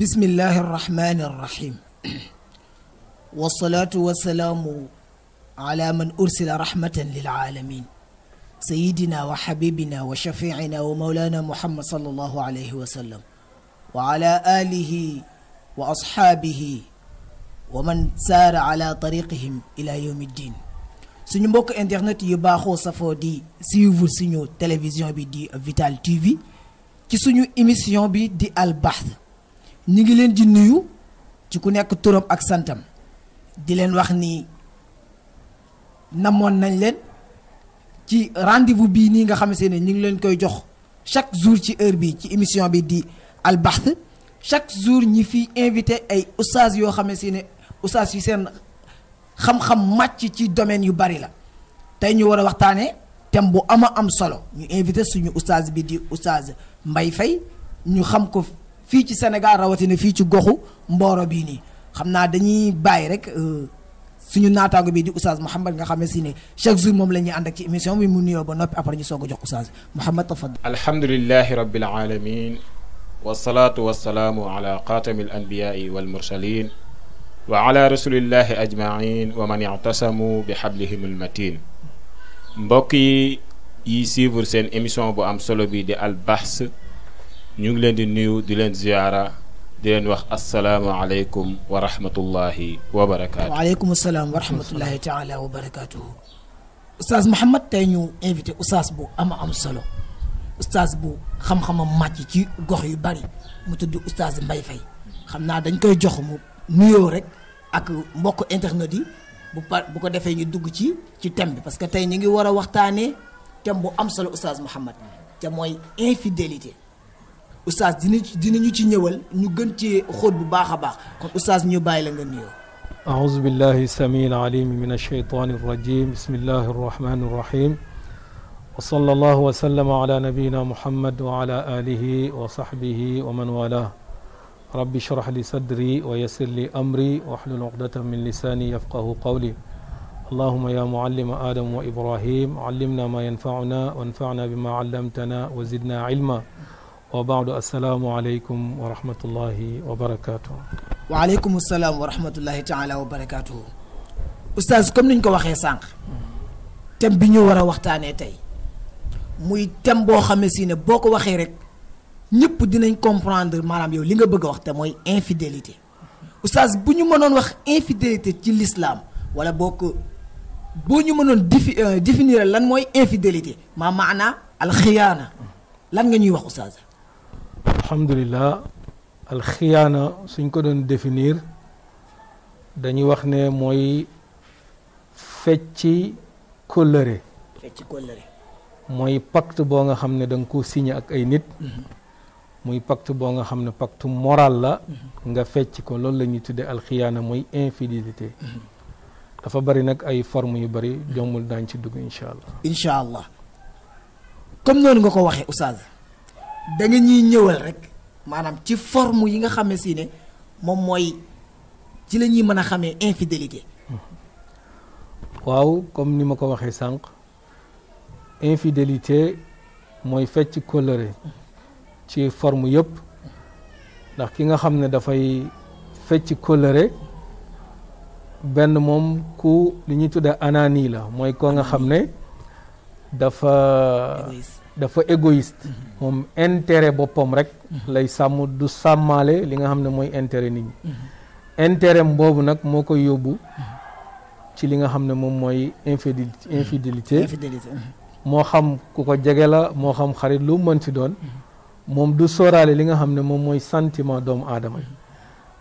بسم الله الرحمن الرحيم والصلاة والسلام على من أرسل رحمة للعالمين سيدنا وحبيبنا وشفيعنا ومولانا محمد صلى الله عليه وسلم وعلى آله وأصحابه ومن سار على طريقهم إلى يوم الدين suñu mbokk internet yu baaxoo safoo di suivre suñu télévision bi di Vital TV ci suñu émission bi di ñu ngi leen di nuyu ci ku nekk trop ak santam di leen wax nii namoon nañ leen ci rendez-vous bii nii nga xam ne ñu ngi leen koy jox chaque jour ci heure bi ci émission bi di albaxth chaque jour ñi fi invité ay oustaz yoo xam ne oustaz yu seen xam-xam màcc ci domaine yu bari la tey ñu war a waxtaanee thème bu ama am solo ñu invité suñu oustaz bi di oustaz mbay Faye ñu xam ko. fii ci Sénégal rawatina fii ci goxu Mboro bii nii xam naa dañuy bàyyi rek suñu naataango bi di oustaz Mouhamed nga xam ne si ne chaque jour moom la ñuy ànd ak ci émission bi mu nuyoo ba noppi après ñu soog a jox oustaz Mouhamed tafaddal alhamdulilahi rabbil alamin wassalatu wasalaamu ala xaatami al wal mursalin wa ala rasulillahi ajmain wa man ictasamu bi xablihim almatin mbokk yi yi suivre seen émission bu am solo bi di al bahs ñu ngi leen di nuyu di leen ziyaara di leen wax asalaamaaleykum wa rahmatullahi wa barakaatu. waaleykum salaam wa rahmatullahi taala wa barakaatu. oustaz Mouhamed tey ñu invité oustaz bu ama am solo oustaz bu xam-xamam màcc ci gox yu bari mu tudd oustaz Mbaye Faye xam naa dañ koy jox mu nuyoo rek ak mbokk internet yi bu par bu ko defee ñu dugg ci ci thème bi parce que tey ñu ngi war a waxtaanee thème bu am solo oustaz Mouhamed te mooy infidélité. oustaz dinañu ci ñëwal ñu gën xóot bu baax kon oustaz ñu bàyyi la nga أعوذ بالله السميع العليم من الشيطان الرجيم بسم الله الرحمن الرحيم وصلى الله وسلم على نبينا محمد وعلى آله وصحبه ومن والاه رب اشرح لي صدري ويسر لي أمري واحلل عقدة من لساني يفقه قولي اللهم يا معلم آدم وإبراهيم علمنا ما ينفعنا وانفعنا بما علمتنا وزدنا علما وبعد السلام عليكم ورحمة الله وبركاته وعليكم السلام ورحمة الله تعالى وبركاته أستاذ كم نينكو واخي سانخ تم بنيو ورا وقتان تاي موي تم بو خمسين بوكو واخي رك نيب دي نين كومبراندر مرام يو لينغا بغا وقت موي انفيدلتي أستاذ بنيو منون واخ انفيدلتي تي الإسلام ولا بوكو بنيو منون آه، ديفينير لان موي انفيدلتي ما معنى الخيانة لان نيو واخ أستاذ alhamdulillah alxiyaana suñ ko doon définir dañuy wax ne mooy fecci kóllëre fecci kóllëre mooy pacte boo nga xam ne danga ko signe ak ay nit mhm. muy pacte boo nga xam ne pacte moral la mhm. nga fecc ko loolu la ñuy tuddee alxiyaana mooy infidélité mhm. dafa bari nag ay forme yu bari jommul daañ ci dugg incha allah incha allah comme noonu nga ko waxee oustaz da nga ñuy ñëwal rek maanaam ci forme yi nga xame si ne moom mooy ci la ñuy mën a xamee infidélité waaw comme ni ma ko waxee sànq infidélité mooy fecc kóllëre ci forme yëpp ndax ki nga xam ne dafay fecc kóllëre benn moom ku li ñuy tuddee anani la mooy ko nga xam ne dafa dafa égoïste mom intérêt bopom rek lay samu du samalé li nga xamné moy intérêt nit ñi intérêt boobu nak moko yobbu ci li nga xamné mom moy infidélité infidélité mo xam ku ko jege la mo xam xarit lu mën ci doon mom du soralé li nga xamné mom moy sentiment doom aadama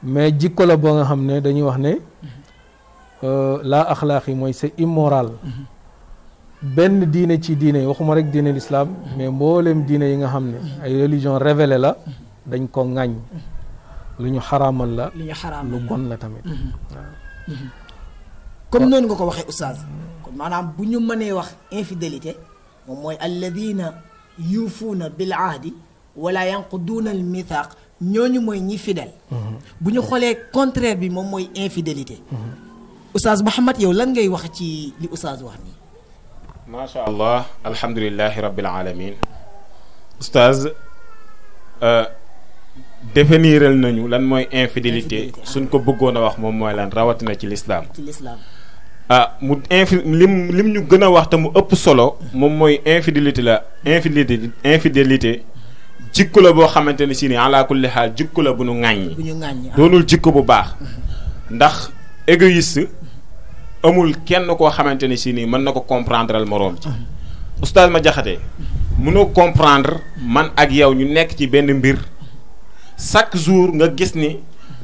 mais jikko la bo nga xamné dañuy wax ne euh, la axlaaq yi c'est immoral ben diine ci diine waxuma rek diine l'islam mais mbooleem diine yi nga xamne ay religion révélé la dañ ko ŋàññ lu ñu xaraamal la lu bon la tamit comme non nga ko waxe oustaz kon manam buñu mané wax infidélité mom moy alladhina yufuna bil ahdi wala yanquduna al mithaq ñoñu moy ñi fidèle buñu xolé contraire bi mom moy infidélité oustaz mohammed yow lan ngay wax ci li oustaz wax ni macha allah alhamdulilahi rabbil alamin oustaz définiral nañu lan mooy infidélité suñ ko bëggoon a wax moom mooy lan rawatina ci lislaam ah mu infi lim lim ñu gën a wax te mu ëpp solo moom mooy infidélité la infidélité infidélité jikko la boo xamante ne si ni ala kulli xaal jikko la bu ñu ŋàññi doonul jikko bu baax ndax égoïste amul kenn koo xamante ne si nii mën na ko comprendre al moroom ci oustaz ma jaxate mënoo comprendre man ak yow ñu nekk ci benn mbir chaque jour nga gis ni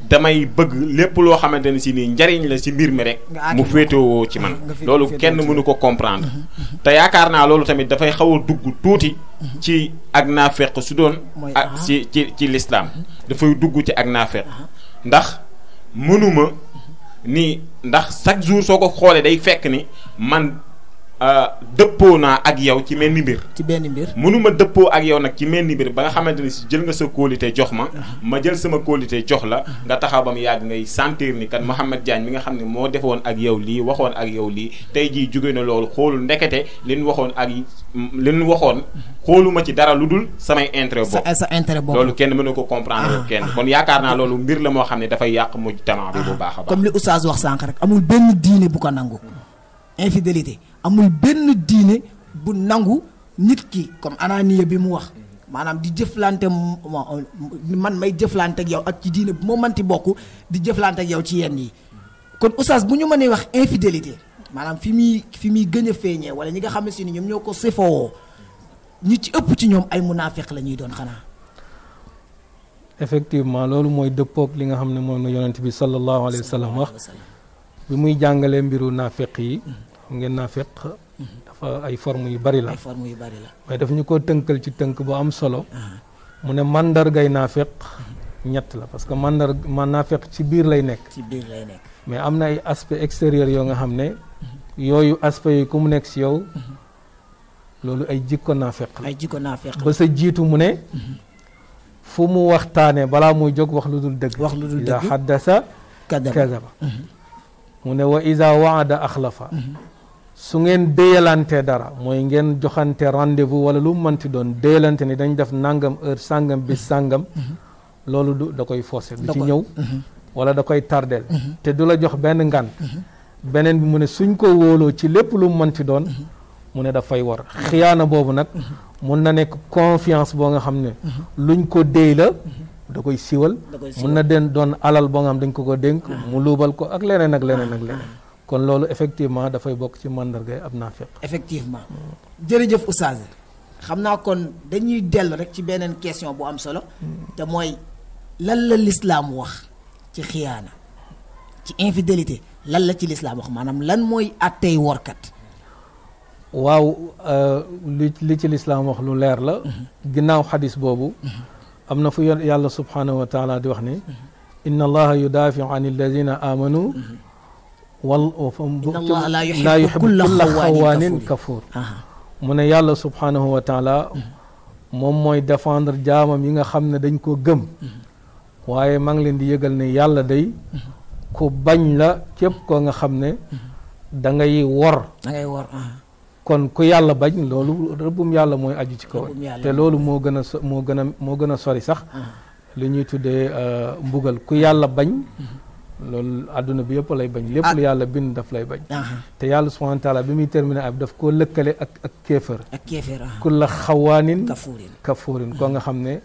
damay bëgg lépp loo xamante ne si nii njariñ la si mbir mi rek mu féetewoo ci man loolu kenn mënu ko comprendre mm-hmm, mm-hmm. te yaakaar naa loolu tamit dafay xaw dugg tuuti mm-hmm. ci ak naafeq su doon ak ah. ci ci ci lislaam dafay dugg ci ak naafeq uh-huh. ndax mënuma ni ndax chaque jour soo ko xoolee day fekk ni man Euh, dëppoo naa ak yow ci mel ni mbir. ci benn mbir mënuma dëppoo ak yow nag ci mel ni mbir ba nga xamante ne si jël nga sa kóolite jox ma. Uh-huh. ma jël sama kóolite jox la. Uh-huh. nga taxaw ba yàgg ngay sentir ni kat Mouhamed Diagne mi nga xam ne moo defoon ak yow lii waxoon ak yow lii tey jii jóge na loolu xoolu ndekete li ñu waxoon ak li ñu waxoon. Uh-huh. xooluma ci dara lu dul samay intérêt bopp. sa intérêt bopp loolu kenn mënu ko comprendre ah, kenn ah. kon yaakaar naa loolu mbir la moo xam ne dafay yàq mujj tamaa bi ah, bu comme li oustaz sànq rek amul benn diine bu ko nangu infidélité amul benn diine bu nangu nit ki comme ananiya bi mu wax maanaam di jëflante man may jëflante ak yow ak ci diine bu ma manti bokk di jëflante ak yow ci yenn yi kon oustaz bu ñu mënee wax infidélité maanaam fi muy fi muy gën a feeñee wala ñi nga xam ne si ni ñoom ñoo ko sefoo ñi ci ëpp ci ñoom ay munaafiq la ñuy doon xanaa. effectivement loolu mooy dëppoog li nga xam ne moom la yonent bi sallallahu alayhi wa sallam wax bi muy jàngalee mbiru naafiq yi mm-hmm. xam ngeen naa feq dafa ay forme yu bari la forme yu bari la mais daf ñu ko tënkal ci tënk bu am solo mu ne mandargay naa feq ñett la parce que mandar man naa feq ci biir lay nekk ci biir mais am na ay aspect extérieur yoo nga xam ne yooyu aspect yi ku mu nekk ci yow loolu ay jikko naa feq ay jikko naa feq ba sa jiitu mu ne fu mu waxtaanee balaa muy jóg wax lu dul dëgg wax lu dul dëgg ida xaddasa mu ne wa ida waada axlafa su ngeen déyalante dara mooy ngeen joxante rendez-vous wala lu manti doon déyalante ni dañ def nangam heure sangam bi sangam. Mhm. loolu du da koy forcer du ci ñëw mhm. wala da koy tardeel mhm. te du la jox benn ngànt beneen bi mu ne suñ ko wóoloo ci lépp lu manti doon mu ne dafay war xiyaana boobu nag mun na nekk confiance boo nga xam ne luñ ko déy la da koy siwal mun na den doon alal boo nga xam dañ ko ko dénk ah. mu luubal ko ak leneen ak leneen ak ah. leneen kon loolu effectivement dafay bokk ci màndargay ab naafiq effectivement jërëjëf oustaz xam naa kon dañuy dellu rek ci beneen question bu am solo te mooy lan la lislaam wax ci xiyaana ci infidélité lan la ci lislaam wax maanaam lan mooy àttey workat waaw euh, li li ci lislaam wax lu leer la mhm. ginnaaw xadis boobu mhm. am na fu yàlla subhaanahu wa di wax ni mhm. inna allaha yudaafiu an alladina amanu wal inna allah laa yuhibbu kulla xawaanin kafuur mu ne yàlla subhaanahu wa taala moom mooy défendre jaamam yi nga xam ne dañ koo gëm mhm. waaye maa ngi leen di yëgal ne yàlla day mhm. ku bañ la képp koo nga xam ne mhm. da ngay wor da kon ku yàlla bañ loolu rëbbum yàlla mooy aju ci kaw te loolu moo gën a moo gën a moo gën a sori sax li ñuy tuddee euh, mbugal ku yàlla bañ loolu àdduna bi yëpp lay bañ. lépp lu yàlla bind daf lay bañ. te yàlla subhanahu wa taala bi muy terminé ab daf koo lëkkale ak ak kéefër. ak kéefër ku la xawaanin. kafuurin kafuurin koo nga xam ne.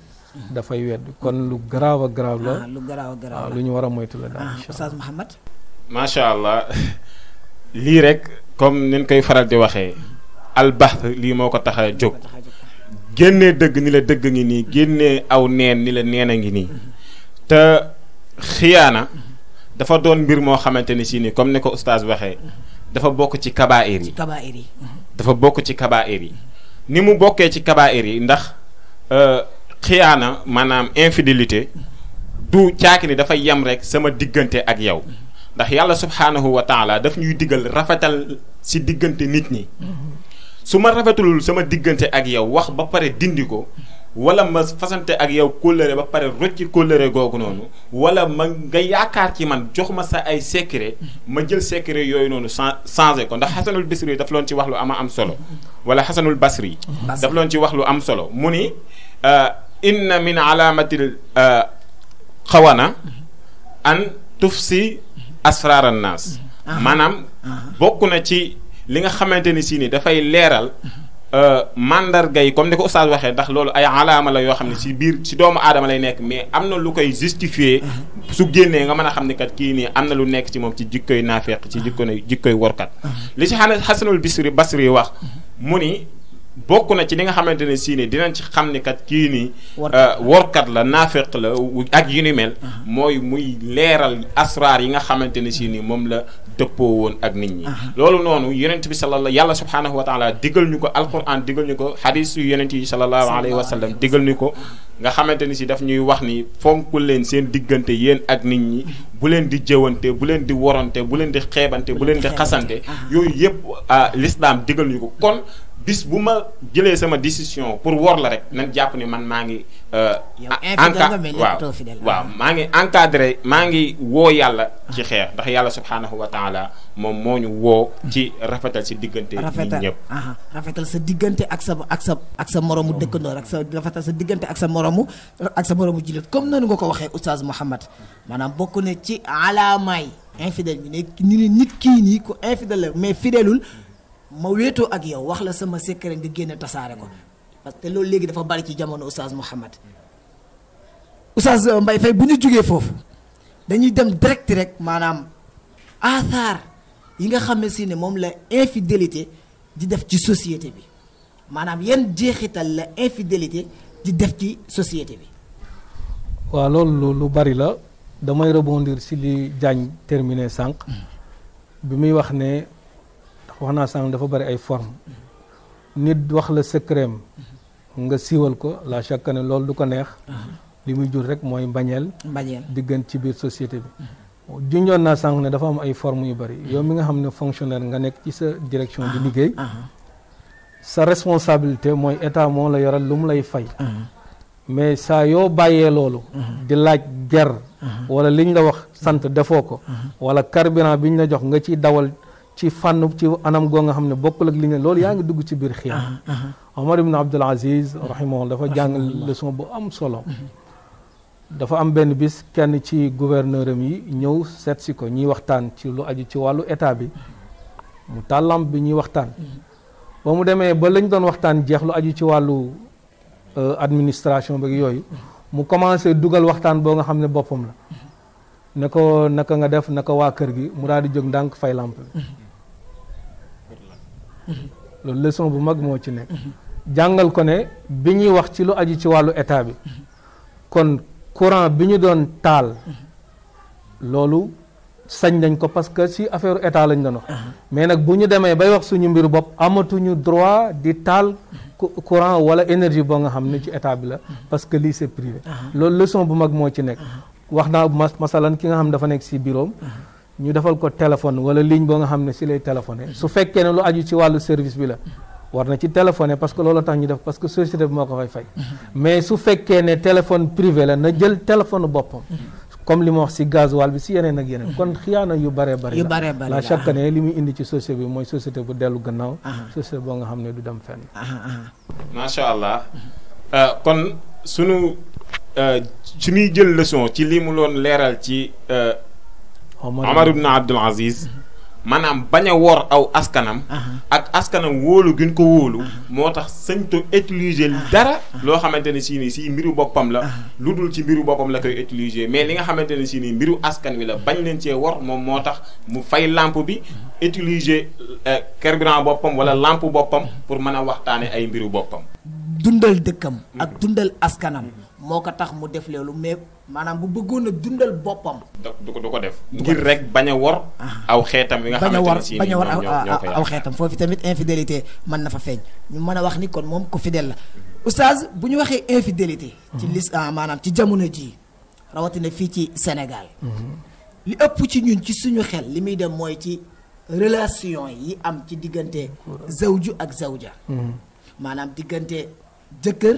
dafay wedd kon lu garaaw a garaaw la. lu garaaw a garaaw la lu ñu war a moytu la daal. Oustaz Mouhamed. macha allah lii rek comme ni ñu koy faral di waxee. albax lii moo ko tax a jóg. génnee dëgg ni la dëgg ngi nii génnee aw neen ni la neen a ngi nii. te xiyaana. dafa doon mbir moo xamante ni si ni comme ni ko oustaz waxee dafa bokk ci kabaa'ir yi kabaa'ir dafa bokk ci kabaa'ir yi ni mu bokkee ci kabaa'ir yi ndax euh, xiyaana maanaam infidélité du caaki ni dafa yem rek sama diggante ak yow ndax yàlla subhaanahu wa taala daf ñuy digal rafetal si diggante nit ñi mm-hmm. su ma rafetulul sama diggante ak yow wax ba pare dindi ko wala ma fasante ak yow kóllëre ba pare rocci kóllëre googu noonu wala ma nga yaakaar ci man jox ma sa ay secret ma jël secret yooyu noonu changé ko ndax xasanul basri daf loon ci wax lu ama am solo wala xasanul basri daf loon ci wax lu am solo mu ni inna min alaamatil xawana an tufsi asrar an naas maanaam bokk na ci li nga xamante ni si ni dafay leeral Euh, mandarga yi comme ni ko oustaz waxee ndax loolu ay alaama la yoo xam ne si biir si doomu aadama lay nekk mais am na lu koy justifier mhm. su génnee nga mën a xam ne kat kii nii am na lu nekk ci moom ci jikkoy naafeeq ci jikko jikkoy workat mhm. li si xana xasanul bisri basri wax mhm. mu ni bokk na ci li nga xamante ne sii nii dinañ ci xam ni kat kii nii euh, workat la naafeq la ak yu ni mel mooy muy leeral asraar yi nga xamante ne sii nii moom la dëppoo woon ak nit ñi loolu noonu yonent bi sallallahu yàlla subhaanahu wa taala digal ñu ko alquran digal ñu ko hadis yu yonent yi sallallahu alayhi wa sallam digal ñu ko nga xamante ni si daf ñuy wax ni fonk leen seen diggante yéen ak nit ñi bu leen di jëwante bu leen di worante bu leen di xeebante bu leen di xasante yooyu yëpp ah, lislaam digal ñu ko kon bis bu ma jëlee sama décision pour wor la rek nan jàpp ne man maa ngi. Euh, waaw waaw maa ngi encadré maa ngi woo yàlla ci xeex ndax yàlla subhaanahu wa taala moom moo ñu woo ci rafetal si diggante nit ñëpp rafetal sa diggante ak sa ak sa ak sa moromu dëkkandoor ak sa rafetal sa diggante ak sa moromu ak sa moromu jilit comme noonu nga ko waxee oustaz Mouhamad maanaam bokk na ci alaamaay infidèle bi ne ñu ne nit kii nii ku infidèle la mais fidèlul ma wéetoo ak yow wax la sama secret nga génne tasaare ko parce que loolu léegi dafa bari ci jamono Oustaz Mouhamed Oustaz Mbaye Faye bu ñu jógee foofu dañuy dem direct rek maanaam aasaar yi nga xam si ne moom la infidélité di def ci société bi maanaam yenn jeexital la infidélité di def ci société bi. waa loolu lu bari la damay rebondir si li Diagne terminé sànq hmm. bi muy wax ne. wax naa sànq dafa bari ay forme nit wax la secret nga siiwal ko la chaque ne loolu du ko neex li muy jur rek mooy mbañeel diggante ci biir société bi junjoon naa sànq ne dafa am ay forme yu bari yow mi nga xam fonctionnaire nga nekk ci sa direction di liggéey ah, ah. sa responsabilité mooy état moo la yoral lu mu lay fay ah, mais saa yoo bàyyee loolu di laaj ger wala liñ la wax sant defoo ko wala carburant biñ la jox nga ciy dawal ci fànn ci anam goo nga xam ne bokk ak li ngeen loolu yaa ngi dugg ci biir xiyam Omar ibn Abdul Aziz rahimahullah dafa jàng leçon bu am solo dafa am benn bis kenn ci gouverneur am yi ñëw seet si ko ñuy waxtaan ci lu aju ci wàllu état bi mu tàllam bi ñuy waxtaan ba mu demee ba lañ doon waxtaan jeex lu aju ci wàllu euh, administration bi yooyu mu commencé dugal waxtaan boo nga xam ne boppam la ne ko naka nga def ko waa kër gi mu daal di jóg ndànk fay loolu leçon bu mag moo ci nekk. jàngal ko ne bi ñuy wax ci lu aju ci wàllu état bi. kon courant bi ñu doon taal. loolu sañ nañ ko parce que si affaire état lañ doon wax. mais nag bu ñu demee bay wax suñu mbir bopp amatuñu droit di taal. courant wala énergie boo nga xam ne ci état bi la. parce que lii c'est privé. Ah. loolu leçon bu mag moo ci nekk. Ah. wax naa mas masalan ki nga xam dafa nekk si bureau ñu defal ko téléphone wala ligne boo nga xam ne si lay téléphoné su fekkee ne lu aju ci wàllu service bi la war na ci téléphoné parce que société bi moo ko fay fay mais su fekkee ne téléphone privé la na jël téléphone boppam comme li ma wax si gasoil bi si yeneen ak yeneen kon xiyaana yu bare bari la la chaque li muy indi ci société bi mooy société bu dellu gannaaw ah. société boo nga xam ne du dem fenn ah, ah, macha allah euh, kon sunu euh, suñuy jël leçon ci Omar ibn Abdul Aziz mhm. maanaam bañ a wor aw askanam. ak askanam wóolu gën ko wóolu. moo tax sañto utiliser dara. loo xamante ne si ni si mbiru boppam la. lu dul ci mbiru boppam la koy utiliser mais li nga xamante ne si ni mbiru askan wi la bañ leen cee wor moom moo tax mu fay làmp bi utiliser euh, carburant boppam wala lamp boppam pour mën a waxtaane ay mbiru boppam. dundal dëkkam. ak dundal askanam. moo ko tax mu def lee lu mais maanaam bu bëggoon a dundal boppam. du ko def. ngir rek bañ a wor. Ah. aw xeetam yi nga xamante ne bañ a wor bañ a aw xeetam foofu tamit infidélité mën na fa feeñ ñu mën a wax ni kon moom ko fidèle la. oustaz bu ñu waxee infidélité. ci lis ah, maanaam ci jamono jii rawatina fii ci Sénégal. li ëpp ci ñun ci suñu xel li muy dem mooy ci relation yi am ci diggante. zawju ak zawja. Mm-hmm. maanaam diggante jëkkër.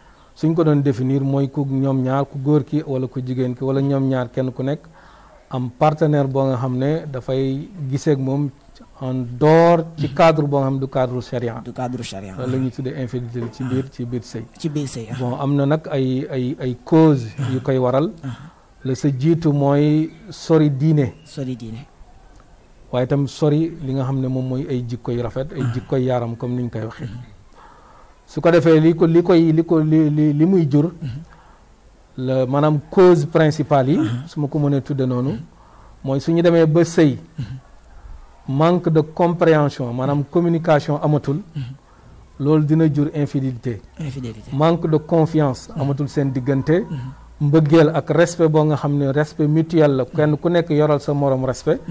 suñ ko doon définir mooy ku ñoom ñaar ku góor ki wala ku jigéen ki wala ñoom ñaar kenn ku nekk am partenaire boo nga xam ne dafay giseeg moom en dehors ci cadre boo nga xam ne du cadre charia. du cadre charia la ñuy tuddee infidélité ci biir ci biir sëy. ci biir sëy ah. bon am na nag ay ay ay cause yu koy waral. Ah. la sa jiitu mooy sori diine. sori diine. waaye itam sori li nga xam ne moom mooy ay jikkoy rafet ay jikkoy yaaram comme ni ñu koy waxee. su ko defee li ko li koy li ko li li muy jur la maanaam cause principale yi uh-huh. su ma ko mënee tudde noonu mooy su ñu demee ba sëy uh-huh. manque de compréhension maanaam communication amatul uh-huh. loolu dina jur infidélité manque de confiance amatul seen diggante mbëggeel ak respect boo nga xam ne respect mutuel la kenn ku nekk yoral sa morom respect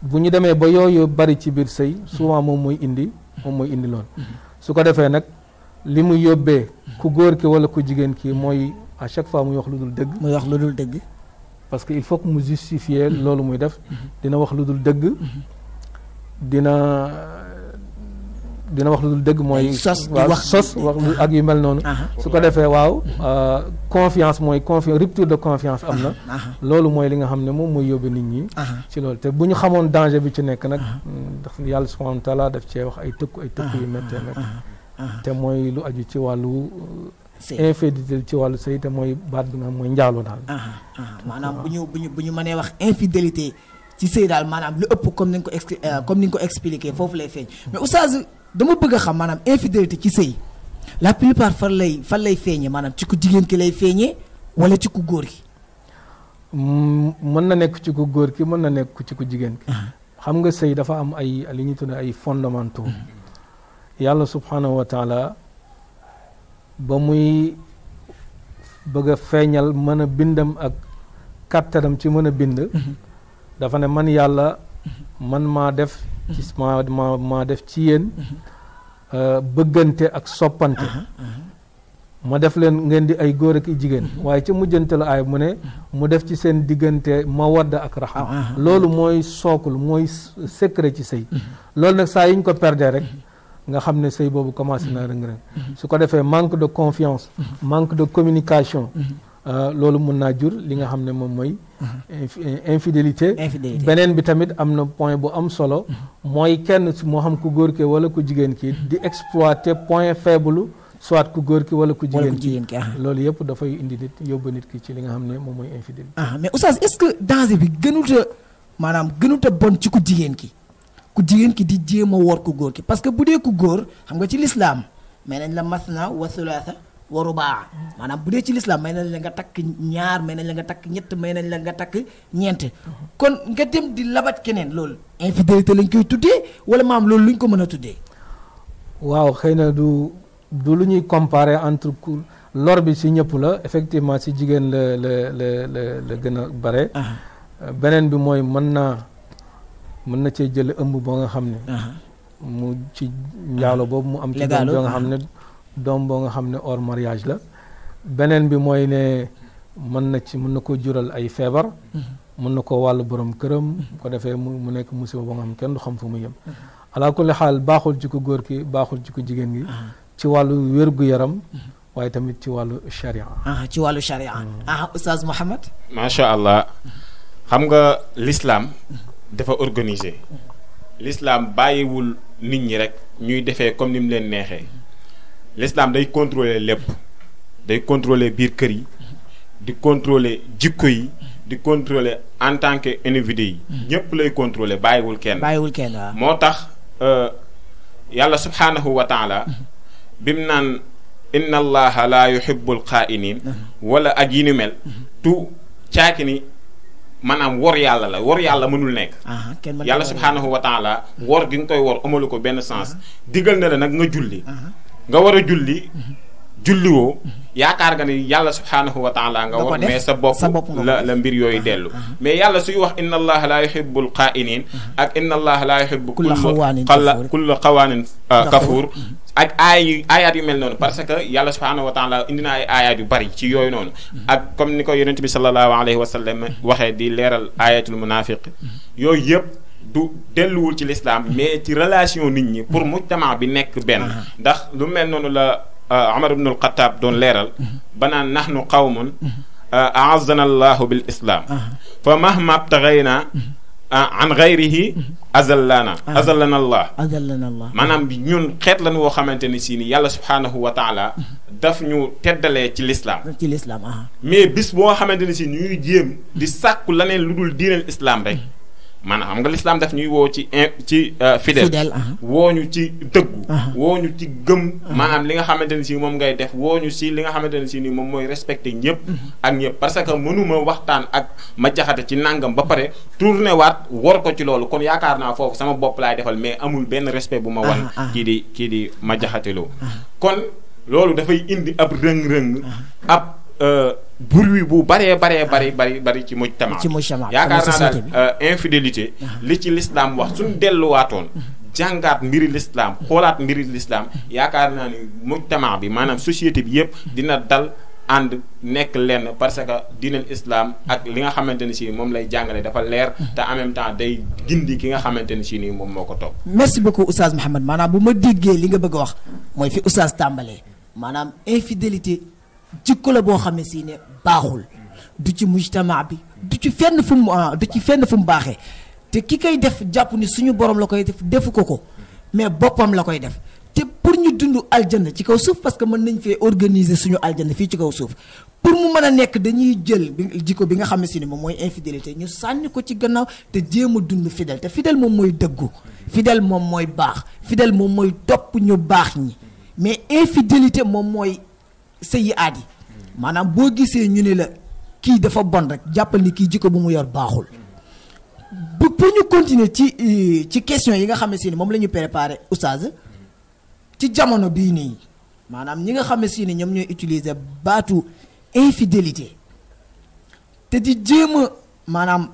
bu ñu demee ba yooyu bari ci biir sëy souvent moom mooy indi moom mooy indi loolu su ko defee nag li mu yóbbee ku góor ki wala ku jigéen kii mooy à chaque fois muy wax lu dul dëgg. muy wax lu dul dëgg. parce que il faut que mu justifier loolu muy def. dina wax lu dul dëgg. dina dina wax lu dul dëgg mooy. sos wax sos wax ak yu mel noonu. su ko defee waaw. Euh, confiance mooy confiance rupture de confiance am na. loolu mooy li nga xam ne moom mooy yóbbee nit ñi. ci loolu te bu ñu xamoon danger bi ci nekk nag. Mm, ndax yàlla subhanahu def cee wax ay tëkku ay tëkku yu méttee Uh-huh. te mooy lu aju ci wàllu uh, infidélité ci wàllu sëy te mooy baat bi nga xam mooy njaaloo daal uh-huh, uh-huh. maanaam bu ñu bu ñu bu ñu mënee wax infidélité ci sëy daal maanaam lu ëpp comme ni nga ko ex uh, comme ni nga ko expliqué foofu lay feeñ mais oustaz dama bëgg xam maanaam infidélité ci sëy la fan lay fan lay feeñee maanaam ci ku jigéen ki lay feeñee wala ci ku góor gi mm, mën na nekk ci ku góor ki mën na nekk ci ku jigéen ki xam nga sëy dafa am ay li ñu tuddee ay fondamentaux mm-hmm. yàlla subhanahu wa ba muy bëgg a feeñal mën a bindam ak kàttanam ci mën a bind dafa ne man yàlla man maa def ci maa maa maa def ci yéen euh, bëggante ak soppante ma def leen ngeen di ay góor ak jigéen waaye ca mujjante la ay mu ne mu def ci seen diggante mawadda ak raxma loolu mooy sookul mooy secret ci sëy loolu nag saa yi ñu ko perdee rek nga xam ne sëy boobu commencé naa rëng-rëng mm-hmm. su ko defee manque de confiance mm-hmm. manque de communication mm-hmm. euh, loolu mun naa jur li nga xam ne moom mooy infidélité beneen bi tamit am na point bu am solo mooy kenn moo xam ku góor ki wala ku jigéen ki di exploiter point faible soit ku góor ki wala ku jigéen ki ah. loolu yëpp dafay indi nit yóbbu nit ki ci li nga xam ne moom mooy infidélité ah mais oustaz est-ce que danger bi gënut a maanaam gënut a bon ci ku jigéen ki ku jigéen ki di jéem a woor ku góor ki parce que bu dee ku góor xam nga ci lislaam may nañ la mas wa sulaasa wa rubaa maanaam bu dee ci lislaam may nañ la nga takk ñaar may nañ la nga takk ñett may nañ la nga takk ñeent kon nga dem di labat keneen loolu infidélité lañ koy tuddee wala maam loolu luñ ko mën a tuddee waaw xëy na du du lu ñuy comparer entre cour lor bi si ñëpp la effectivement si jigéen la la la la la gën a bare ah. beneen bi mooy mën naa mën na cee jël ëmb boo nga xam ne mu ci njaalo boobu mu am ci doom boo nga xam ne doom boo nga xam ne or mariage la beneen bi mooy ne mën na ci mën na ko jural ay feebar mën na ko wàll borom këram bu ko defee mu nekk musiba boo nga xam kenn du xam fu mu a ala kulli xaal baaxul ci ko góor ki baaxul ci ko jigéen gi ci wàllu wér-gu-yaram waaye tamit ci wàllu sharia ci wàllu sharia ah oustaz Mouhamed macha allah xam nga lislaam dafa organiser l'islam bayiwul nit ñi rek ñuy comme l'islam day contrôler lepp day contrôler biir kër contrôler jikko yi contrôler en tant que individu yi. contrôler kenn. Euh, wa taala bim inna wala tu maanaam wor yàlla la woor yàlla mënul nekk yàlla subhaanahu wa taala wor gi nga koy wor amalu ko benn sens digal na la nag nga julli nga war a julli mhm. julliwoo yaakaar nga ni yàlla subhanahu wa taala nga woon mais sa bopp la la mbir yooyu dellu mais yàlla suy wax inna allaha laa yuhibbul qaa'iniin ak inna allah la yuhibbu kulla kulla xawaanin kafuur ak ay ayat yu mel noonu parce que yàlla subhanahu wa taala indi na ay ayat yu bari ci yooyu noonu ak comme ni ko yonent bi sallallahu alayhi wa sallam waxee di leeral ayatul munafiq yooyu yëpp du delluwul ci l'islam mais ci relation nit ñi pour mujtama bi nekk benn ndax lu mel noonu la آه، عمر بن الخطاب دون ليرال بنا نحن قوم آه، أعزنا الله بالإسلام فمهما ابتغينا آه، عن غيره أزلنا أزلنا الله أزلنا الله ما نام بيون خير لنا وخمن تنسيني يلا سبحانه وتعالى دفنو تدل في الإسلام في الإسلام آه مي بس بوا خمن تنسيني يجيم دي ساق كلنا لول دين الإسلام بيه maanaam xam nga lislaam daf ñuy woo ci ci euh, fidèle woo ñu ci dëggu woo ñu ci gëm maanaam li nga xamante ne si moom ngay def wooñu si li nga xamante ne si nii moom mooy respecté ñëpp mhm. ak ñëpp parce que mënuma waxtaan ak ma jaxate ci nàngam ba pare tourné waat war ko ci loolu kon yaakaar naa foofu sama bopp laay defal mais amul benn respect bu ma wan kii di kii di ma jaxateloo kon loolu dafay indi ab rëng-rëng ab Euh, bruit bu baree baree bari bari bari ci mujtama ci mujtama yaakaar naa daal euh, infidélité li ci lislaam wax suñ delluwaatoon jàngaat mbiri lislaam xoolaat mbiri lislaam yaakaar naa ni mujtama bi maanaam société bi yëpp dina dal ànd nekk lenn parce que diinal islam ak li nga xamante ne si moom lay jàngale dafa leer te en même temps day gindi ki nga xamante ne si nii moom moo ko topp. merci beaucoup oustaz Mouhamed maanaam bu ma déggee li nga bëgg a wax mooy fi oustaz tàmbalee maanaam infidélité. jikko la boo ne si ne du ci mujtama bi du ci fenn fu ah, du ci fenn fu baxé té ki kay def jàpp ni suñu borom la koy def defu ko mais faire. la koy def té pour ñu aljanna ci kaw parce que mën nañ organiser suñu aljanna fi ci kaw suuf pour mu nek dañuy jël jiko bi nga xamé si infidélité ñu sanni ko ci gannaaw fidèle fidèle ñu mais infidélité sëyi aat yi maanaam boo gisee ñu ne la kii dafa bon rek jàppal ni kii jikko bu mu yor baaxul bu pour ñu continuer ci euh, ci question yi nga xamante si ni moom la ñu préparé oustaz ci jamono bii nii maanaam ñi nga xamante si ni ñoom ñooy utiliser baatu infidélité te di jéem a maanaam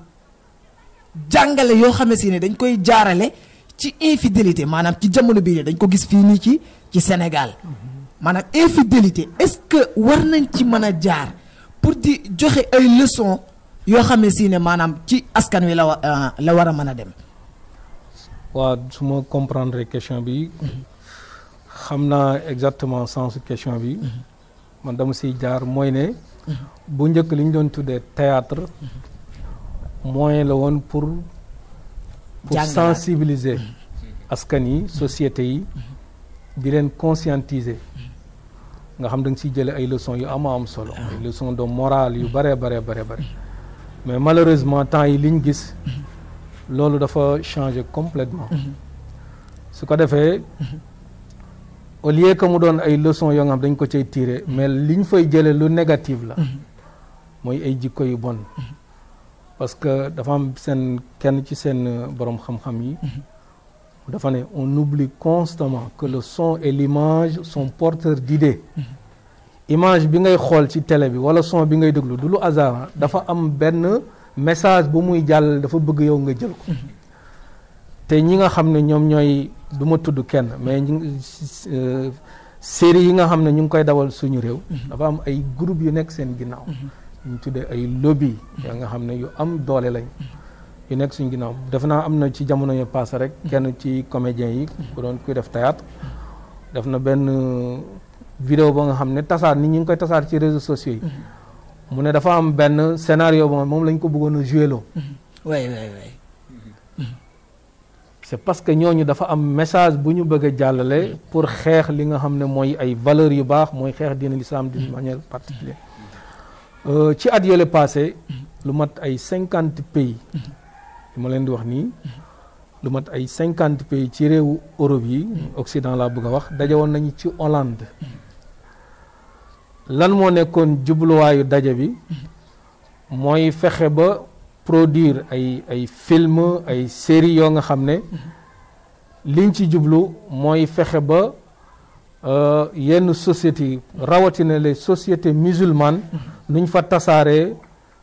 jàngale yoo xamante ne dañ koy jaarale ci infidélité maanaam ci jamono bii nii dañ ko gis fii nii ci ci Sénégal maanaam infidélité est-ce que war nañ ci mën a jaar pour di joxe ay leçons yoo xam ne si ne maanaam ci askan wi la euh, la war a mën a dem. waaw su ma comprendre question bi xam naa exactement sens question bi man dama siy jaar mooy ne bu njëkk li ñu doon tuddee théâtre moyen la woon pour pour sensibiliser askan yi société yi di leen conscientiser nga xam dañ nga jëlee ay leçons yu am am solo. ay leçons de morale yu bëree bare bare bëri. mais malheureusement temps yi liñ gis. loolu dafa changer complètement su ko defee au lieu que mu doon ay leçons yoo nga xam dañ ko cay tiré mais liñ fay jëlee lu négatif la. mooy ay jikko yu bon. parce que dafa am seen kenn ci seen borom xam-xam yi on oublie constamment que le son et l'image sont porteurs d'idées image bi ngay xol ci télé bi wala son bi ngay déglu du lu hasard hein. dafa am benn message bu muy jall dafa bëgg yow nga jël ko ñi nga ne mais euh, série yi nga ñu koy dawal suñu réew dafa am ay groupe yu nekk seen mhm. lobby nga am yu nekk suñ ginnaaw defe naa am na ci jamono yu passé rek kenn ci comédien yi ku doon kuy def théâtre def na benn vidéo ba nga xam ne tasaar nit ñi ngi koy tasaar ci réseaux sociaux yi mu ne dafa am benn scénario ba moom lañ ko bëggoon a joué loo waay c'est parce que ñooñu dafa am message bu ñu bëgg a jàllale pour xeex li nga xam ne mooy ay valeurs yu baax mooy xeex diine l'islam d'une manière particulière euh, ci at yële passé lu mat ay cinquante pays ma leen di wax nii lu mat ay cinquante pays ci réewu Europe yi Occident laa bëgg a wax daje woon nañu ci Hollande lan moo nekkoon jubluwaayu daje bi mooy fexe ba produire ay ay film ay série yoo nga xam ne liñ ci jublu mooy fexe ba euh, yenn société rawatina les sociétés musulmanes nuñ fa tasaaree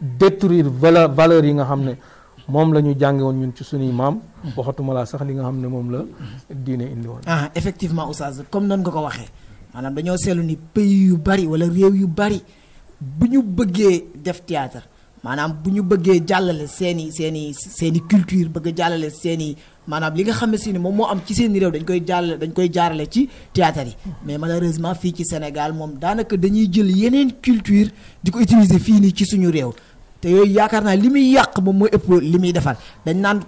détruire valeur valeurs yi nga xam ne moom la ñu jànge ñun ci suñuy maam waxatuma laa sax li nga xam ne moom la diine indi woon ah effectivement oustaz comme noonu nga ko waxee maanaam dañoo seetlu ni pays yu bari wala réew yu bari bu ñu bëggee def théâtre maanaam bu ñu bëggee jàllale seeni seeni seeni culture bëgg jàllale seeni maanaam li nga xam ne si ni moom moo am ci seen réew dañ koy jàll dañ koy jaarale ci théâtre yi mais malheureusement fii ci Sénégal moom daanaka dañuy jël yeneen culture di ko utiliser fii nii ci suñu réew te yooyu yaakaar naa li muy yàq moom mooy ëpp li muy defar dañ naan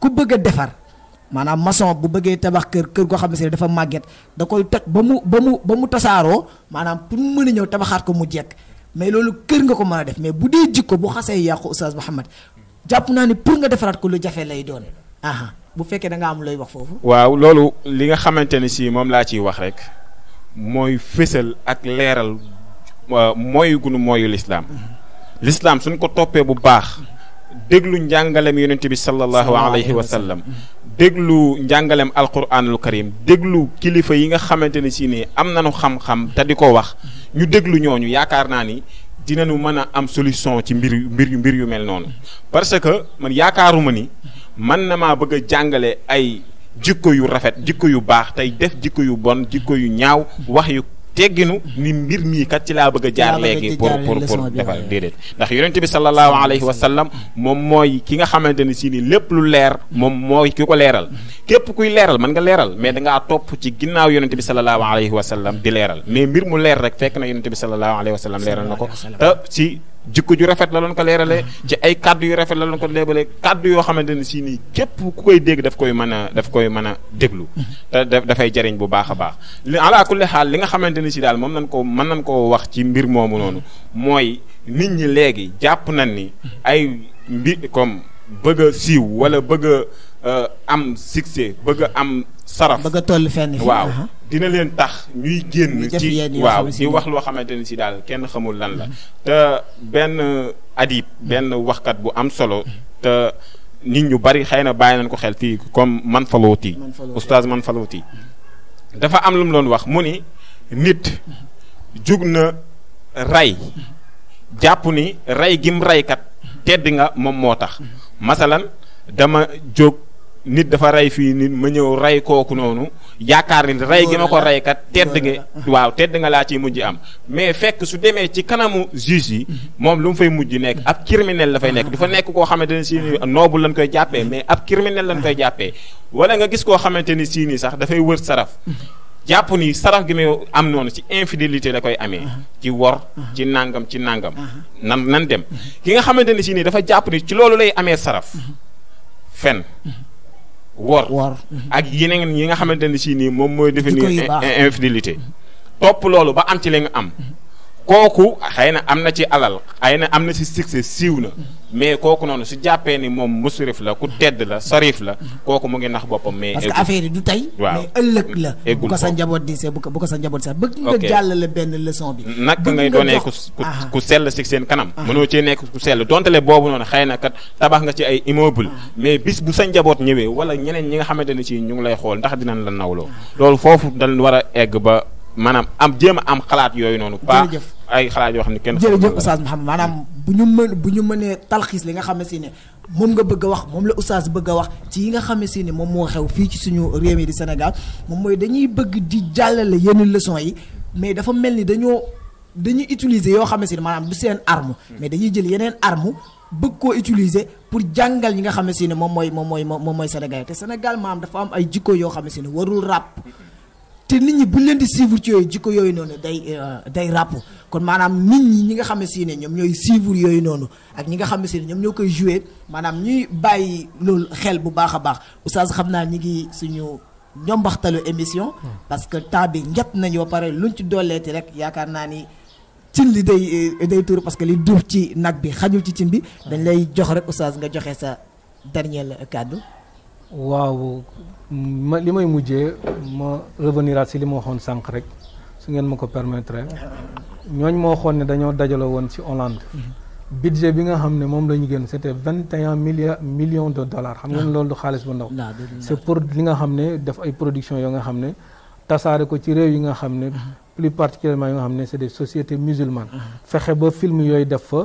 ku bëgg a defar maanaam maçon bu bëggee tabax kër kër goo xam ne si dafa màgget da koy toj ba mu ba mu ba mu tasaaroo maanaam pour mu mën a ñëw tabaxaat ko mu jekk mais loolu kër nga ko mën def mais bu dee jikko bu xasee yàqu Oustaz Mouhamed jàpp naa ne pour nga defaraat ko lu jafe lay doon aha bu fekke da nga am loy wax fofu waaw loolu li nga xamanteni si mom la ci wax rek moy fessel ak leral moy gunu mooyu l'islam mm-hmm. l'islam suñ ko topé bu baax Deglu njangalem yonnati bi sallallahu alayhi wa sallam mm-hmm. deglu njangalem alquranul karim Deglu kilifa yi nga xamanteni si ni am nañu xam-xam ta diko wax mm-hmm. ñu deglu ñoñu yaakaar ni dinañu mëna am solution ci mbir mbir yu mel non parce que man yaakaaruma ni. man na maa bëgg a jàngale ay jikko yu rafet jikko yu baax tey def jikko yu bon jikko yu ñaaw wax yu tegginu ni mbir mii kat ci laa bëgg a jaar léegi pour pour pour defar déedéet ndax yonent bi sallallahu alayhi wa sallam moom mooy ki nga xamante ni si ni lépp lu leer moom mooy ki ko leeral képp kuy leeral man nga leeral mais dangaa topp ci ginnaaw yonent bi sallallahu alayhi wa sallam di leeral mais mbir mu leer rek fekk na yonent bi sallallahu alayhi wa sallam na ko te ci jikko ju rafet la doon ko leeralee ci ay kàddu yu rafet la doon ko leeralee kàddu yoo xamante ne sii nii képp ku koy dégg daf koy mën a daf koy mën déglu. te mm-hmm. dafay jariñ bu baax a baax. li ala kulli xaal li nga xamante ne sii daal moom nañ ko mën nañ koo wax ci mbir moomu noonu mooy nit ñi léegi jàpp na ni mm-hmm. ay mbir comme bëgg siiw wala bëgg Euh, am succès bëgg a am saraf. bëgg waaw dina leen tax ñuy génn. ci waaw di wax loo xamante ni si daal kenn xamul lan la. Mhm. te benn adib mhm. benn waxkat bu am solo mhm. te. nit ñu bari xëy na bàyyi nañ ko xel fii comme man falooti oustaz man falooti dafa am lum loon wax mu ni nit jug na rey jàpp ni rey gim reykat tedd nga moom moo tax masalan dama jóg nit dafa rey fii nit ma ñëw rey kooku noonu yaakaar ni rey gi ma ko rey kat tedd nga waaw tedd nga laa ciy mujj am mais fekk su demee ci kanamu juge yi moom lu mu fay mujj nekk ab criminel la fay nekk du fa nekk koo xamante ne si noobu lañ koy jàppee mais ab criminel lañ koy jàppee wala nga gis koo xamante ni sii nii sax dafay wër saraf jàpp nii saraf gi muy am noonu ci infidélité la koy amee ci wor ci nàngam ci nàngam nan nan dem ki nga xamante ni si nii dafa jàpp ni ci loolu lay amee saraf fen wor ak yeneen yi nga xamante ne si nii moom mooy définir infidélité topp loolu ba am ci li nga am kooku xëy na am na ci alal xëy na am na ci succès siiw na mais kooku noonu su jàppee ni moom musrif la ku tedd la sarif la kooku mu ngi nax boppam mais parce que affaire du tey waaw ëllëg la bu ko sa njaboot di see bu ko bu ko sa njaboot di see bëgg nga jàllale benn leçon bi naka ngay doonee ku ku na kat tabax nga ci ay immeuble mais bis bu sa njaboot ñëwee wala ñeneen ñi nga xamante ne ci ñu ngi lay xool ndax dinañ la nawloo loolu foofu dañ war a egg ba maanaam am jéem a am xalaat yooyu noonu. pa ay xalaat yoo xam ne kenn. jërëjëf Oustaz Mouhamed maanaam bu ñu mën bu ñu mënee talxiis li nga xam ne si ne moom nga bëgg a wax moom la Oustaz bëgg a wax ci yi nga xam ne si ne moom moo xew fii ci suñu réew mi di Sénégal moom mooy dañuy bëgg di jàllale yenn leçons yi mais dafa mel ni dañoo dañuy utiliser yoo xam ne si ne maanaam du seen arme. mais dañuy jël yeneen arme bëgg koo utiliser pour jàngal ñi nga xam ne si ne moom mooy moom mooy moom mooy Sénégal te Sénégal maam dafa am ay jikko yoo xam ne si ne warul ràpp vous nit ñi bu leen di suivre ci day euh, day kon manam nit ñi nga xamé si suivre yoy ak ñi nga xamé si jouer xel bu baax oustaz xamna ñi suñu émission. Hmm. parce que temps bi nañu ba paré luñ ci rek ni. li day euh, parce que li duuf ci nak bi ci bi hmm. dañ lay jox rek dernier cadeau. waaw ma li may mujjee ma reveniraat si li ma waxoon sànq rek su ngeen ma ko permettre ñooñ ma waxoon ne dañoo dajale woon ci Hollande mm-hmm. budget bi nga xam ne moom la ñu génn c' était vingt et un milliards millions de dollars xam ngeen ah. loolu xaalis bu ndaw c' est pour li nga xam ne def ay production yoo nga xam ne tasaare ko ci réew yi nga xam ne mm-hmm. plus particulièrement yoo nga xam ne c' est des sociétés musulmanes mm-hmm. fexe ba film yooyu def fa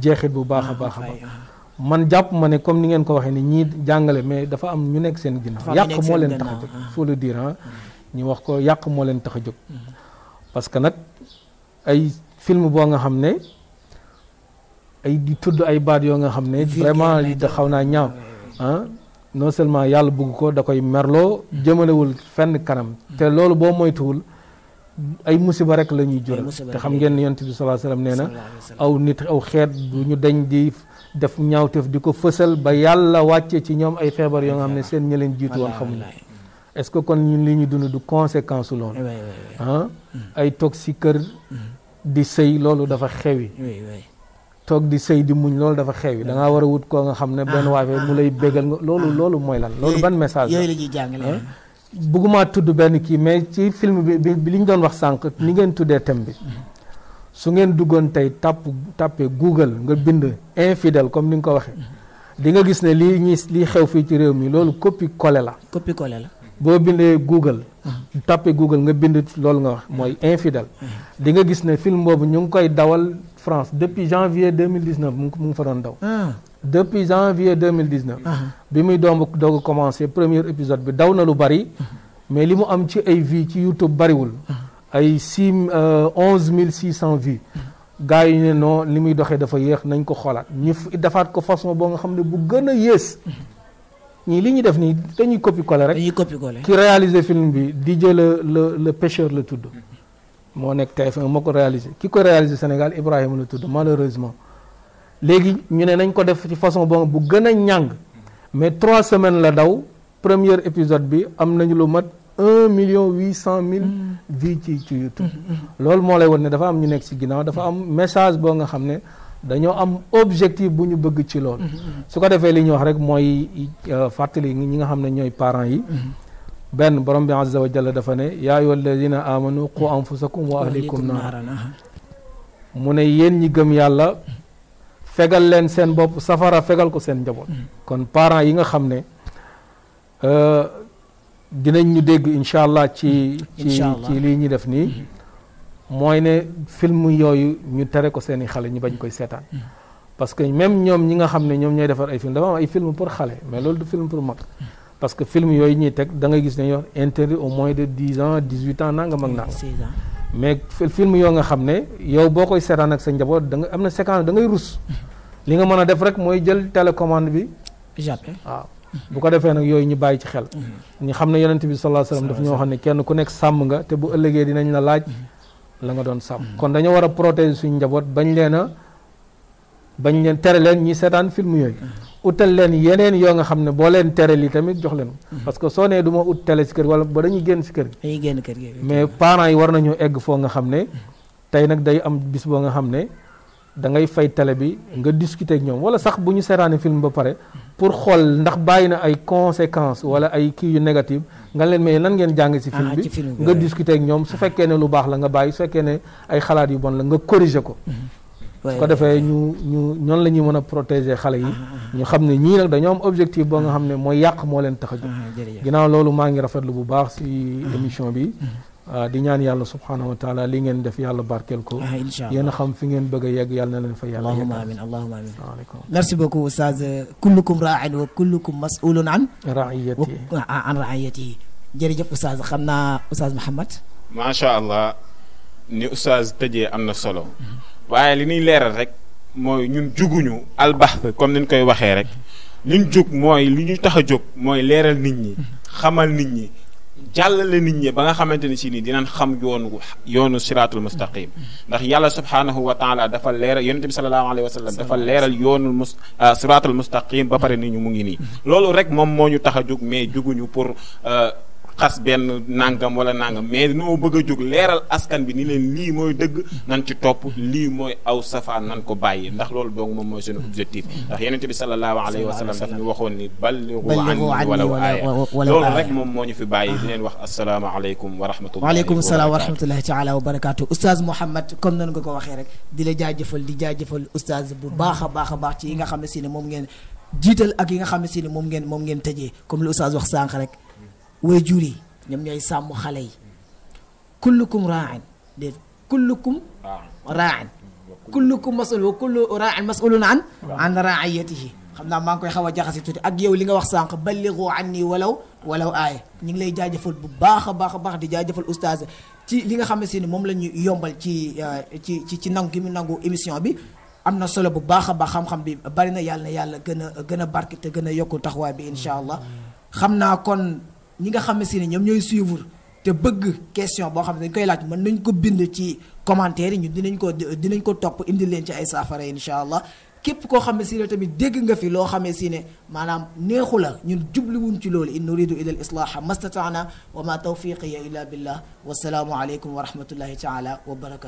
jeexit bu baax a baax a ah, baax ah. man jàpp ma ne comme ni ngeen ko waxee ni ñii jàngale mais dafa am ñu nekk seen gina yàq moo leen tax a jóg ah. le dire ah. mm-hmm. ñu wax ko yàq moo leen tax a jóg mm-hmm. parce que nag ay film boo nga xam ne ay di tudd ay baat yoo nga xam ne vraiment li da xaw naa ñaaw ah non seulement yàlla bugg ko da koy merloo mm-hmm. jëmalewul fenn kanam te loolu boo moytuwul ay musiba rek la ñuy jural te xam ngeen yonent bi sallallahu alayhi wasallam nee na aw nit aw xeet du ñu deñ di def ñaawteef di ko fësal ba yàlla wàcce ci ñoom ay feebar yoo nga xam ne seen ña leen jiitu woon xamuñu est-ce que kon ñun li ñu dund du conséquence loolu ah mm. ay toog si kër mm. di sëy loolu dafa xewi toog di sëy di muñ loolu dafa xewi da ngaa war a wut koo nga xam ne ah, benn waafee ah, mu lay bégal nga ah, loolu loolu mooy lan loolu ban message yooyu la ñuy jàngale bëgguma tudd benn kii mais ci film bi bi li ñu doon wax sànq ni ngeen tuddee thème bi mm. su ngeen duggoon tey tàpp tàppee google nga bind infidel comme ni nga ko waxee di nga gis ne lii ñuy lii xew fii ci réew mi loolu copie collé la. copie la. boo bindee google. Uh-huh. tàppee google nga bind loolu nga wax mooy infidèle. Uh-huh. di nga gis ne film boobu ñu ngi koy dawal France depuis janvier deux mille dix neuf mu ngi fa doon daw. Ah. depuis janvier deux mille dix neuf. Uh-huh. bi muy doom doog a commencé premier épisode bi daw na lu bari. mais li mu am ci ay vie ci YouTube bariwul. ay six euh, onze mille vues gars yi non li muy doxee dafa yéex nañ ko xoolaat ñu defaat ko façon boo nga xam ne bu gën a yées ñii li ñuy def nii dañuy copier coller rek dañuy copier coller ki réaliser film bi DJ le le le pêcheur la tudd moo nekk TF1 moo ko réalisé ki ko réalisé Sénégal Ibrahima la tudd malheureusement léegi ñu ne nañ ko def ci façon boo bu gën a ñàng mais trois semaines la daw premier épisode bi am nañu lu mat un million huit cent mille mm. vues ci ci YouTube mm, mm, loolu moo lay won ne dafa am ñu nekk si ginnaaw dafa am message boo nga xam ne dañoo am objectif bu ñu bëgg ci lool su ko defee li ñuy wax rek mooy euh, fàttali ñi nga xam ne ñooy parent yi mm-hmm. benn borom bi azza wa jalla dafa ne yaa ayyuha alladina amanu qu anfusakum wa ahlikum naar mu ne yéen ñi gëm yàlla fegal leen seen bopp safara fegal ko seen njaboot kon parents yi nga xam ne euh, dinañ ñu dégg incha allah ci ci ci lii ñuy def nii mm-hmm. mooy ne film yooyu ñu tere ko seeni xale ñu bañ koy seetaan mm-hmm. parce que même ñoom ñi nga xam ne ñoom ñooy defar ay film dafa am ay film pour xale mais loolu du pour mag mm-hmm. parce que film yooyu ñuy teg da gis ne yor interdit au de dix ans dix huit ans nangam ak nangam mais film yoo nga xam ne yow boo koy seetaan ak sa njaboot da nga am na séquence da rus li nga mën a def rek mooy jël télécommande bi waaw bu ko defee nag yooyu ñu bàyyi ci xel mm-hmm. ñu xam ne yonent bi sallallahu alayhi wasallam daf ñoo xam ne kenn ku nekk sàmm nga te bu ëllëgee dinañ la laaj mm-hmm. la nga doon sàmm mm-hmm. kon dañoo war a protéger suñu njaboot bañ leen a bañ leen tere leen ñi seetaan film yooyu utal leen yeneen yoo nga xam ne boo leen tere li tamit jox leen parce que soo nee du ma ut tele si kër gi wala ba dañuy génn si kër gi mais parents yi war nañu egg foo nga xam ne tey nag day am bis boo nga xam ne da ngay fay tele bi nga discuter ak wala sax bu ñu seetaani film ba pare pour xol ndax bayina ay conséquences wala ay ki yu négative nga len mais nan ngeen jàng ci film bi nga discuter ak ñom su fekkee ne lu bax la nga bayi su fekkee ne ay xalaat yu bon la nga corriger ko ko defé ñu ñu ñon lañuy mëna protéger xale yi ñu xamné ñi nak dañu am objectif bo nga xamné moy yàq mo len taxaju ginaaw lolu ma loolu maa ngi rafetlu bu baax ci émission bi di ñaan yàlla subhanahu wa taala li ngeen def yàlla barkeel ko yéen xam fi ngeen bëgg a yegg yàlla na leen fa yàlla allahumma amin allahumma amin merci beaucoup oustaz kullukum raain wa kullukum masulun an raiyati an raiyati jërëjëf oustaz xam naa oustaz Mouhamed macha allah ni oustaz tëjee am na solo waaye li ñuy leeral rek mooy ñun juguñu albaxth comme niñ koy waxee rek liñ jug mooy li ñu tax a jóg mooy leeral nit ñi xamal nit ñi jàllale nit ñi ba nga xamante ni si nii dinañ xam yoonu yoonu siraatul mustaqim ndax yàlla subhaanahu wa taala dafa leeral yonente bi salallaahu alayhi wa sallam dafa leeral yoonul mus siraatul mustaqim ba pare nit ñu mu ngi nii loolu rek moom moo ñu tax a jóg mais juguñu pour xas benn nangam wala nangam mais noo bëgg a jóg leeral askan bi ni leen lii mooy dëgg nan ci topp lii mooy aw safaan nan ko bàyyi ndax loolu donc moom mooy seen objectif ndax yonent bi sallallahu alayhi wa sallam daf ñu waxoon ni balligu an wala aaya loolu rek moom moo ñu fi bàyyi di leen wax alaykum wa rahmatullahi wa alaykum salaam wa rahmatullahi taala wa barakaatu oustaz Mouhamed comme nan nga ko waxee rek di la jaajëfal di jaajëfal oustaz bu baax a baax a baax ci yi nga xam ne si ne moom ngeen jiital ak yi nga xam ne si ne moom ngeen moom ngeen tëjee comme li oustaz wax sànq rek waajur yi ñoom ñooy sàmm xale yi kullukum raain déet kullukum raain kullukum masul wa kullu raain masulun an an raayatihi xam naa maa ngi koy xaw a jaxasi tuuti ak yow li nga wax sànq balligu anni walaw walaw aaya ñu ngi lay jaajëfal bu baax a baax a baax di jaajëfal oustaz ci li nga xam ne si ni moom la ñu yombal ci ci ci ci nangu gi mu nangu émission bi am na solo bu baax a baax xam-xam bi bari na yàlla na yàlla gën a gën a barke te gën a yokku taxawaay bi incha allah xam naa kon ñi nga xam ne si ne ñoom ñooy suivre te bëgg question boo xam ne dañ koy laaj mën nañ ko bind ci commentaire yi ñu dinañ ko dinañ ko topp indi leen ci ay saafara incha allah képp koo xam ne si ne tamit dégg nga fi loo xamee si ne maanaam neexu la ñun jubli wuñ ci loolu in nuridu ila al islaha mastataana wa ma tawfiqiya illa billah wasalaamu alaykum wa rahmatullahi taala wa barakatu